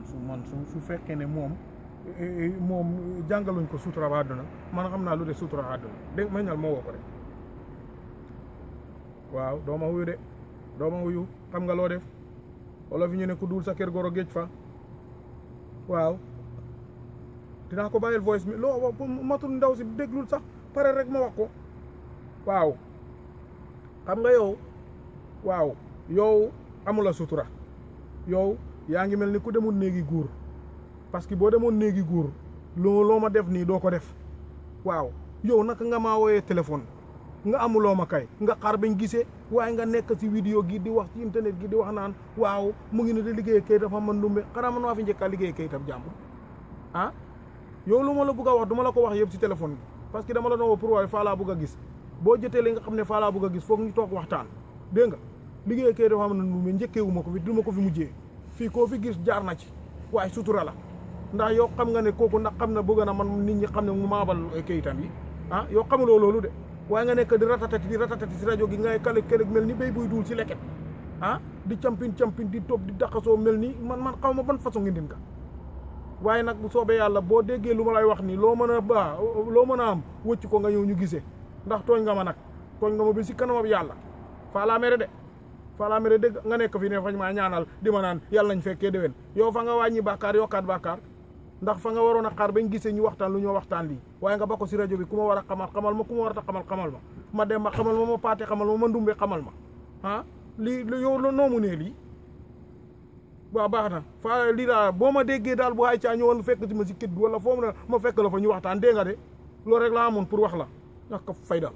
man su man su su fekkee ne moom eh, eh, moom jàngaluñ ko sutura ba àdduna man xam naa lu de sutura àdduna dégg ma ñal moo woo ko rek waaw dooma wuyu de dooma wuyu xam nga loo def wala fi ñu ne ku duul sa kër goro géej fa waaw dinaa ko bàyyil voice mi loo matul ndaw si déglul sax pare rek ma wax ko waaw xam nga yow waaw yow amul a suutura yow yaa ngi mel ni ku demoon néegi góor parce que boo demoon néegi góor loo loo ma def nii doo ko def waaw yow naka nga maa wooyee téléphone nga amuloo ma kay nga xaar bañ gisee waaye nga nekk ci vidéo gi di wax ci internet gi di wax naan waaw mu ngi ne di liggéey kay dafa man lumbe xanaa man maa fi njëkk a liggéey kay itam jàmbur ah yow lu ma la bëgg a wax du ma la ko wax yëpp ci téléphone bi parce que dama la doon woo pour waaye gis boo jotee li xam ne faa laa bëgg gis foog ñu toog waxtaan dégg nga liggéey kay am na lumbe ko fi ma ko fi mujjee fii koo fi gis jaar na ci waaye la ndax yow xam nga ne kooku ndax xam na bëgg na man nit ñi xam ne mu maabal kayitam yi ah yow xamuloo loolu de waaye nga nekk di ratatati di ratatati si rajo gi ngay kale kale mel ni béy buy duul si leket ah di campin campin di toog di daqasoo mel ni man man xaw ma ban façon ngi din ka waaye nag bu soobee yàlla boo déggee lu ma lay wax ni loo mën a ba loo mën a am wëcc ko nga ñëw ñu gisee ndax tooñ nga ma nag tooñ nga ma bi si kanamam yàlla falamére dégg nga nekk fi ne fañ maa ñaanal di ma naan yàlla nañ fekkee déwén yow fa nga wàññi bàkkaar yokkaat bàkkaar ndax fa nga waroon a xaar bañ gisee ñu waxtaan lu ñu waxtaan lii waaye nga ba ko bi ku ma war a xamal xamal ma ku ma war a xamal xamal ma ma dem ma xamal ma ma paate xamal ma ma ndumbe xamal ma ah lii yow la noomu ne lii waaw baax na fa lii daal boo ma déggee daal bu ay caa ñëwoon fekk si ma si kit bi wala foo ma fekk la fa ñu waxtaan dégg loolu rek laa amoon pour wax la ndax ko fay daal